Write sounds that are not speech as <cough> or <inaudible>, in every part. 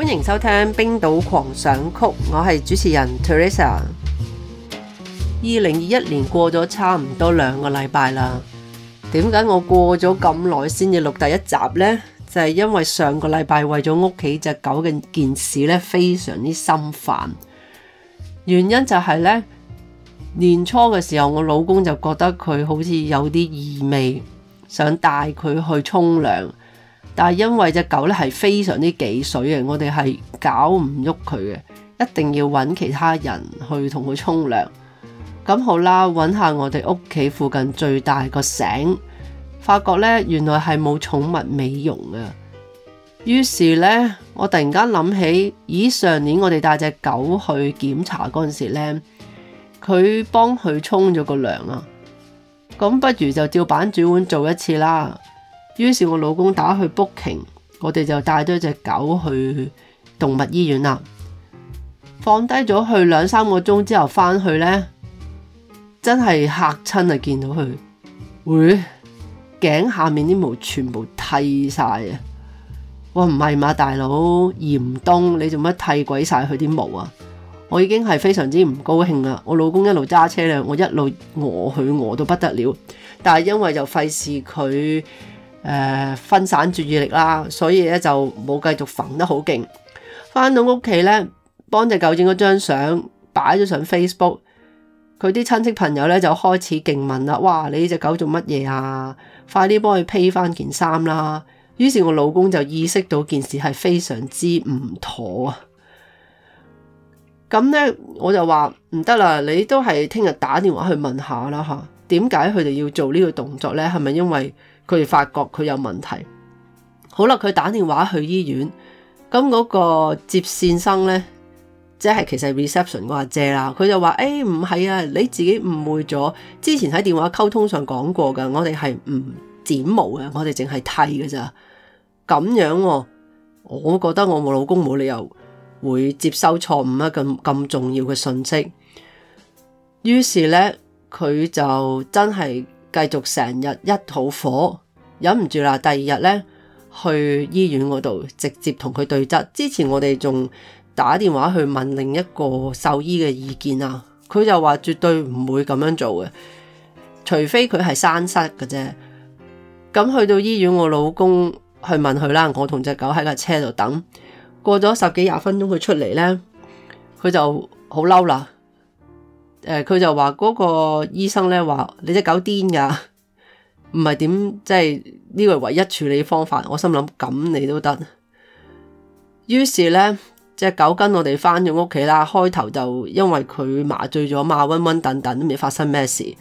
歡迎收聽《冰島狂想曲》，我係主持人 Teresa。二零二一年過咗差唔多兩個禮拜啦，點解我過咗咁耐先至錄第一集呢？就係因為上個禮拜為咗屋企隻狗嘅件事呢，非常之心煩。原因就係呢，年初嘅時候，我老公就覺得佢好似有啲異味，想帶佢去沖涼。但係因為隻狗咧係非常之忌水嘅，我哋係搞唔喐佢嘅，一定要揾其他人去同佢沖涼。咁好啦，揾下我哋屋企附近最大個醒，發覺呢原來係冇寵物美容啊。於是呢，我突然間諗起，咦，上年我哋帶隻狗去檢查嗰陣時咧，佢幫佢沖咗個涼啊。咁不如就照板煮碗做一次啦。於是，我老公打去 booking，我哋就帶咗隻狗去動物醫院啦。放低咗去兩三個鐘之後翻去呢，真係嚇親啊！見到佢，會、哎、頸下面啲毛全部剃晒啊！我唔係嘛，大佬，嚴冬，你做乜剃鬼晒佢啲毛啊？我已經係非常之唔高興啦！我老公一路揸車咧，我一路餓佢餓到不得了，但係因為就費事佢。誒、呃，分散注意力啦，所以咧就冇繼續縫得好勁。翻到屋企咧，幫隻狗影咗張相擺咗上 Facebook，佢啲親戚朋友咧就開始勁問啦：哇，你呢隻狗做乜嘢啊？快啲幫佢披翻件衫啦！於是我老公就意識到件事係非常之唔妥啊！咁咧，我就話唔得啦，你都係聽日打電話去問下啦吓。點解佢哋要做呢個動作咧？係咪因為？佢發覺佢有問題，好啦，佢打電話去醫院，咁嗰個接線生呢，即係其實 reception 個阿姐啦，佢就話：誒唔係啊，你自己誤會咗，之前喺電話溝通上講過㗎，我哋係唔剪毛嘅，我哋淨係剃㗎咋，咁樣，啊，我覺得我冇老公冇理由會接收錯誤啊，咁咁重要嘅信息，於是呢，佢就真係。繼續成日一肚火，忍唔住啦！第二日咧，去醫院嗰度直接同佢對質。之前我哋仲打電話去問另一個獸醫嘅意見啊，佢就話絕對唔會咁樣做嘅，除非佢係山寨嘅啫。咁去到醫院，我老公去問佢啦，我同隻狗喺架車度等，過咗十幾廿分鐘佢出嚟咧，佢就好嬲啦。誒，佢、呃、就話嗰、那個醫生咧話：你隻狗癲噶，唔係點，即係呢個唯一處理方法。我心諗咁你都得。於是咧，隻狗跟我哋返咗屋企啦。開頭就因為佢麻醉咗嘛，瘟瘟等等，都唔知發生咩事。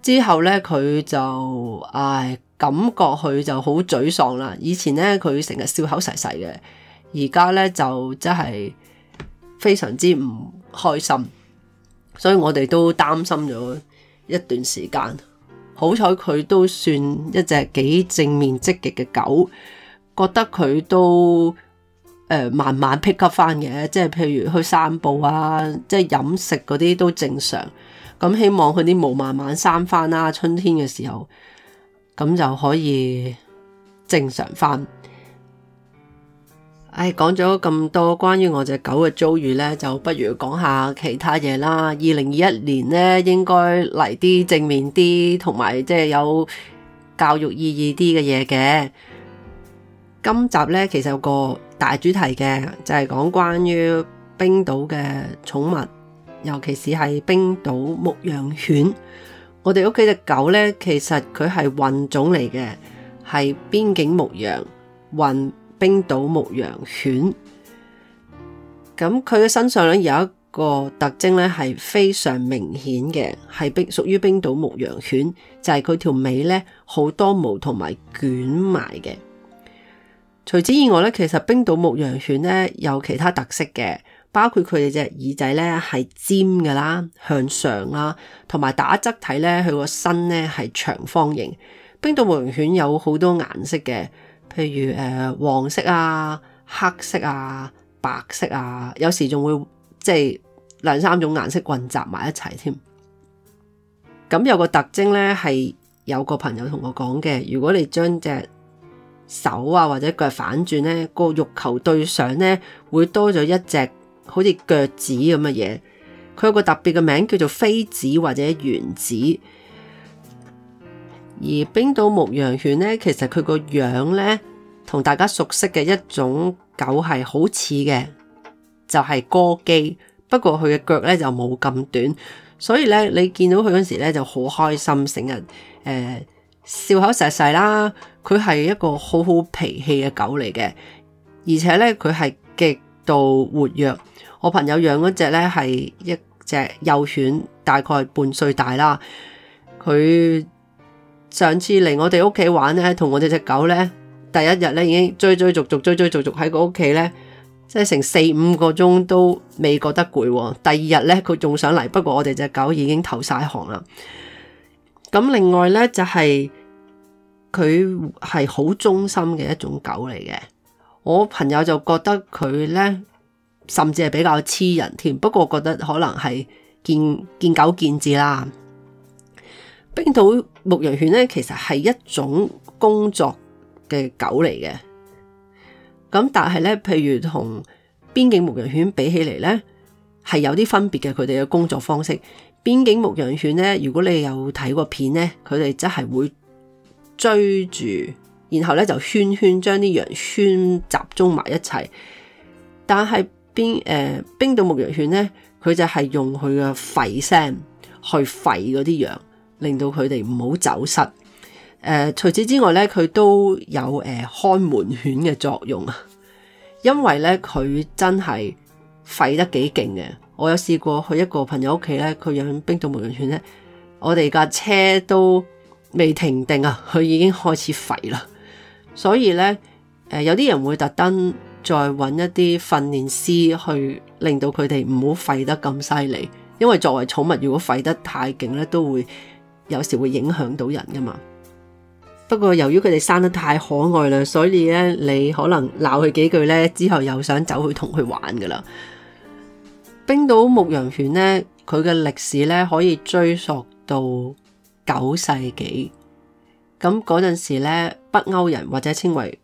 之後咧，佢就唉，感覺佢就好沮喪啦。以前咧，佢成日笑口噬噬嘅，而家咧就真係非常之唔開心。所以我哋都擔心咗一段時間，好彩佢都算一隻幾正面積極嘅狗，覺得佢都誒、呃、慢慢 pick up 翻嘅，即係譬如去散步啊，即係飲食嗰啲都正常，咁希望佢啲毛慢慢生翻啦，春天嘅時候咁就可以正常翻。誒，講咗咁多關於我隻狗嘅遭遇呢，就不如講下其他嘢啦。二零二一年呢，應該嚟啲正面啲，同埋即係有教育意義啲嘅嘢嘅。今集呢，其實有個大主題嘅，就係、是、講關於冰島嘅寵物，尤其是係冰島牧羊犬。我哋屋企隻狗呢，其實佢係混種嚟嘅，係邊境牧羊混。冰島牧羊犬，咁佢嘅身上咧有一個特徵咧係非常明顯嘅，係冰屬於冰島牧羊犬，就係佢條尾咧好多毛同埋捲埋嘅。除此以外咧，其實冰島牧羊犬咧有其他特色嘅，包括佢哋隻耳仔咧係尖噶啦，向上啦、啊，同埋打側睇咧佢個身咧係長方形。冰島牧羊犬有好多顏色嘅。譬如誒、呃、黃色啊、黑色啊、白色啊，有時仲會即係兩三種顏色混雜埋一齊添。咁有個特徵咧，係有個朋友同我講嘅，如果你將隻手啊或者腳反轉咧，個肉球對上咧，會多咗一隻好似腳趾咁嘅嘢。佢有個特別嘅名叫做飛子或者原子。而冰島牧羊犬咧，其實佢個樣咧，同大家熟悉嘅一種狗係好似嘅，就係柯基。不過佢嘅腳咧就冇咁短，所以咧你見到佢嗰時咧就好開心，成日誒、呃、笑口噬噬啦。佢係一個好好脾氣嘅狗嚟嘅，而且咧佢係極度活躍。我朋友養嗰隻咧係一隻幼犬，大概半歲大啦，佢。上次嚟我哋屋企玩咧，同我哋隻狗咧，第一日咧已經追追逐逐，追追逐逐喺個屋企咧，即係成四五個鐘都未覺得攰啊。第二日咧佢仲想嚟，不過我哋隻狗已經投晒降啦。咁另外咧就係佢係好忠心嘅一種狗嚟嘅。我朋友就覺得佢咧，甚至係比較黐人添。不過我覺得可能係見見狗見智啦。冰島牧羊犬咧，其實係一種工作嘅狗嚟嘅。咁但係咧，譬如同邊境牧羊犬比起嚟咧，係有啲分別嘅。佢哋嘅工作方式，邊境牧羊犬咧，如果你有睇過片咧，佢哋真係會追住，然後咧就圈圈將啲羊圈集中埋一齊。但係邊誒，冰島牧羊犬咧，佢就係用佢嘅吠聲去吠嗰啲羊。令到佢哋唔好走失。誒、呃，除此之外咧，佢都有誒看、呃、門犬嘅作用啊。因為咧，佢真係吠得幾勁嘅。我有試過去一個朋友屋企咧，佢養冰島牧羊犬咧，我哋架車都未停定啊，佢已經開始吠啦。所以咧，誒、呃、有啲人會特登再揾一啲訓練師去令到佢哋唔好吠得咁犀利。因為作為寵物，如果吠得太勁咧，都會。有時會影響到人噶嘛，不過由於佢哋生得太可愛啦，所以咧，你可能鬧佢幾句咧，之後又想走去同佢玩噶啦。冰島牧羊犬咧，佢嘅歷史咧可以追溯到九世紀。咁嗰陣時咧，北歐人或者稱為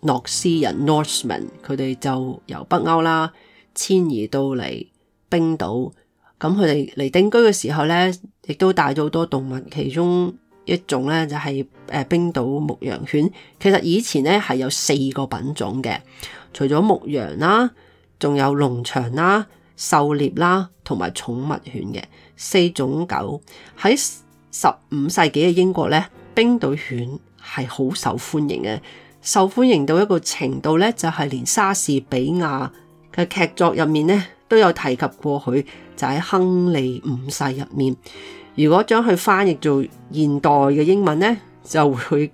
諾斯人 （Norseman），佢哋就由北歐啦遷移到嚟冰島。咁佢哋嚟定居嘅時候咧，亦都帶咗好多動物，其中一種咧就係誒冰島牧羊犬。其實以前咧係有四個品種嘅，除咗牧羊啦，仲有農場啦、狩獵啦，同埋寵物犬嘅四種狗。喺十五世紀嘅英國咧，冰島犬係好受歡迎嘅，受歡迎到一個程度咧，就係連莎士比亞嘅劇作入面咧。都有提及過佢，就喺亨利五世入面，如果將佢翻譯做現代嘅英文呢，就會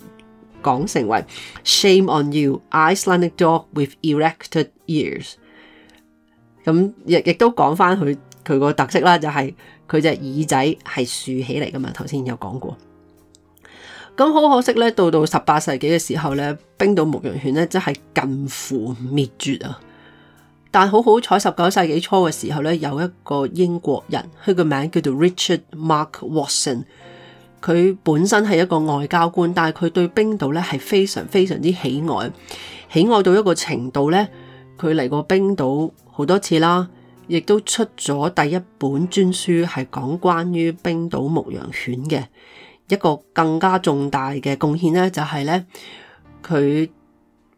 講成為 Shame on you, Icelandic dog with erected ears。咁亦亦都講翻佢佢個特色啦，就係佢隻耳仔係豎起嚟噶嘛，頭先有講過。咁好可惜呢，到到十八世紀嘅時候呢，冰島牧羊犬呢，真係近乎滅絕啊！但好好彩，十九世紀初嘅時候咧，有一個英國人，佢個名叫做 Richard Mark Watson。佢本身係一個外交官，但係佢對冰島咧係非常非常之喜愛，喜愛到一個程度咧，佢嚟過冰島好多次啦，亦都出咗第一本專書係講關於冰島牧羊犬嘅。一個更加重大嘅貢獻咧，就係咧佢，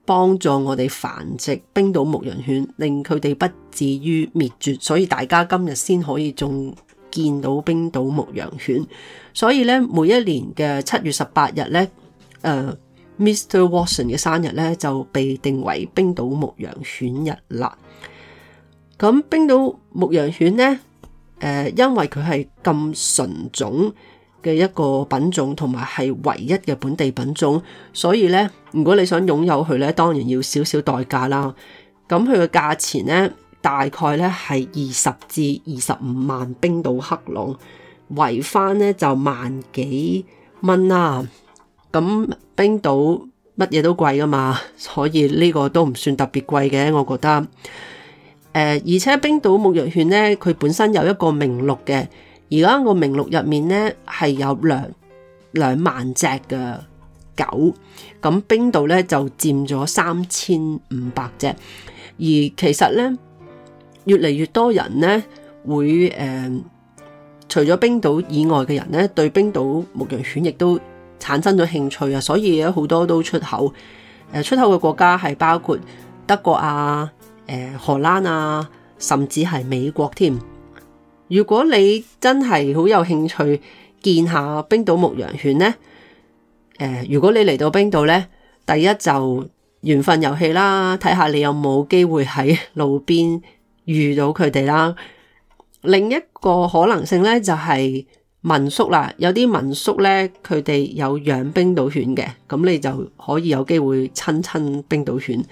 幫助我哋繁殖冰島牧羊犬，令佢哋不至於滅絕，所以大家今日先可以仲見到冰島牧羊犬。所以咧，每一年嘅七月十八日咧，誒、呃、Mr. Watson 嘅生日咧就被定為冰島牧羊犬日啦。咁冰島牧羊犬咧，誒、呃、因為佢係咁純種嘅一個品種，同埋係唯一嘅本地品種，所以咧，如果你想擁有佢咧，當然要少少代價啦。咁佢嘅價錢咧，大概咧係二十至二十五萬冰島克朗，圍返咧就萬幾蚊啦。咁、嗯、冰島乜嘢都貴㗎嘛，所以呢個都唔算特別貴嘅，我覺得。誒、呃，而且冰島牧羊犬咧，佢本身有一個名錄嘅。而家我名錄入面咧係有兩兩萬隻嘅狗，咁冰島咧就佔咗三千五百隻。而其實咧，越嚟越多人咧會誒、呃，除咗冰島以外嘅人咧，對冰島牧羊犬亦都產生咗興趣啊！所以好多都出口，誒、呃、出口嘅國家係包括德國啊、誒、呃、荷蘭啊，甚至係美國添。如果你真係好有興趣見下冰島牧羊犬呢，誒、呃，如果你嚟到冰島呢，第一就緣分遊戲啦，睇下你有冇機會喺路邊遇到佢哋啦。另一個可能性呢，就係、是、民宿啦，有啲民宿呢，佢哋有養冰島犬嘅，咁你就可以有機會親親冰島犬。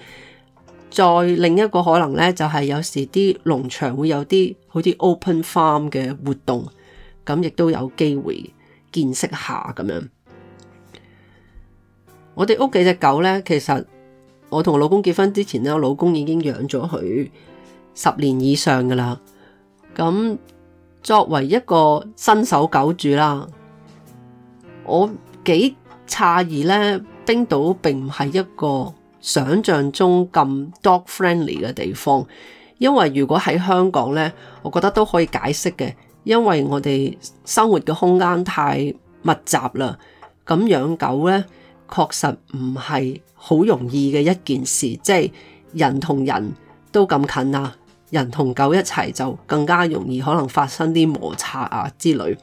再另一個可能咧，就係有時啲農場會有啲好似 open farm 嘅活動，咁亦都有機會見識下咁樣。我哋屋企隻狗咧，其實我同老公結婚之前咧，我老公已經養咗佢十年以上噶啦。咁作為一個新手狗主啦，我幾詫異咧，冰島並唔係一個想像中咁 dog friendly 嘅地方，因為如果喺香港呢，我覺得都可以解釋嘅，因為我哋生活嘅空間太密集啦。咁養狗呢，確實唔係好容易嘅一件事，即係人同人都咁近啊，人同狗一齊就更加容易可能發生啲摩擦啊之類。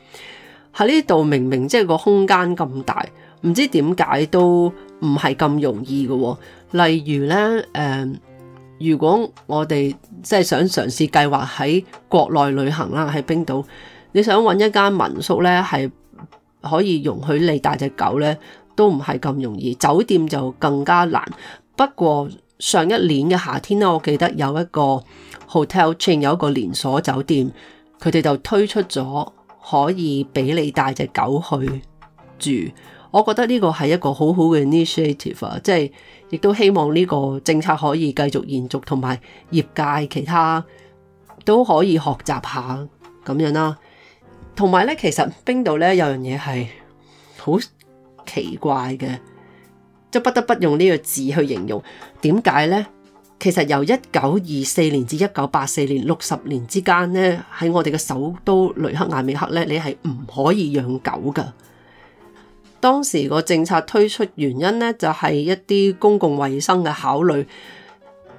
喺呢度，明明即係個空間咁大，唔知點解都唔係咁容易嘅喎。例如咧，誒、呃，如果我哋即係想嘗試計劃喺國內旅行啦，喺冰島，你想揾一間民宿咧，係可以容許你帶隻狗咧，都唔係咁容易。酒店就更加難。不過上一年嘅夏天咧，我記得有一個 hotel chain 有一個連鎖酒店，佢哋就推出咗可以俾你帶隻狗去住。我覺得呢個係一個好好嘅 initiative 啊！即係亦都希望呢個政策可以繼續延續，同埋業界其他都可以學習下咁樣啦、啊。同埋咧，其實冰島咧有樣嘢係好奇怪嘅，即不得不用呢個字去形容。點解咧？其實由一九二四年至一九八四年六十年之間咧，喺我哋嘅首都雷克雅未克咧，你係唔可以養狗噶。當時個政策推出原因咧，就係、是、一啲公共衛生嘅考慮。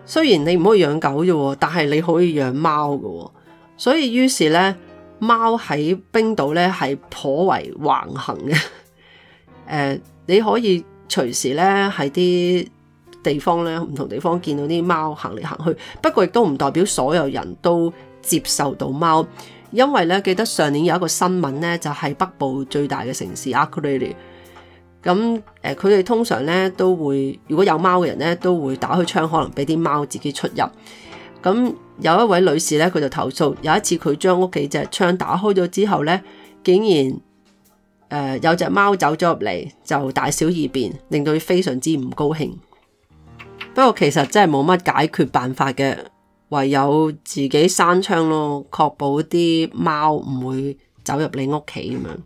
雖然你唔可以養狗啫，但係你可以養貓噶。所以於是咧，貓喺冰島咧係頗為橫行嘅。誒、 <laughs> 呃，你可以隨時咧喺啲地方咧，唔同地方見到啲貓行嚟行去。不過亦都唔代表所有人都接受到貓，因為咧，記得上年有一個新聞咧，就係、是、北部最大嘅城市 Akureyri 咁誒，佢哋、呃、通常咧都會，如果有貓嘅人咧，都會打開窗，可能俾啲貓自己出入。咁有一位女士咧，佢就投訴，有一次佢將屋企隻窗打開咗之後咧，竟然誒、呃、有隻貓走咗入嚟，就大小二便，令到佢非常之唔高興。不過其實真係冇乜解決辦法嘅，唯有自己閂窗咯，確保啲貓唔會走入你屋企咁樣。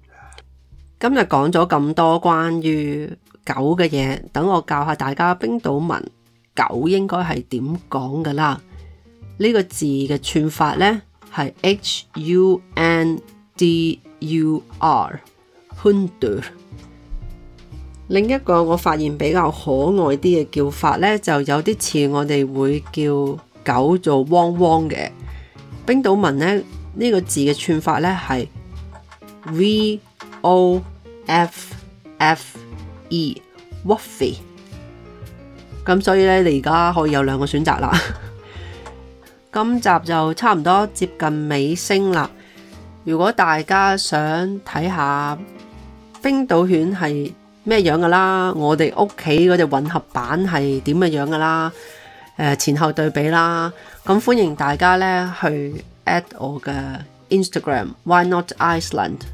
今日講咗咁多關於狗嘅嘢，等我教下大家冰島文，狗應該係點講㗎啦。呢個字嘅串法呢，係 hundur，hundur。另一個我發現比較可愛啲嘅叫法呢，就有啲似我哋會叫狗做汪汪嘅。冰島文呢，呢個字嘅串法呢，係 vo。O F F E Woofy，咁所以呢，你而家可以有兩個選擇啦。 <laughs> 今集就差唔多接近尾聲啦。如果大家想睇下冰島犬係咩樣噶啦，我哋屋企嗰隻混合版係點樣噶啦，呃，前後對比啦，咁歡迎大家呢去 add 我嘅 Instagram，Why Not Iceland？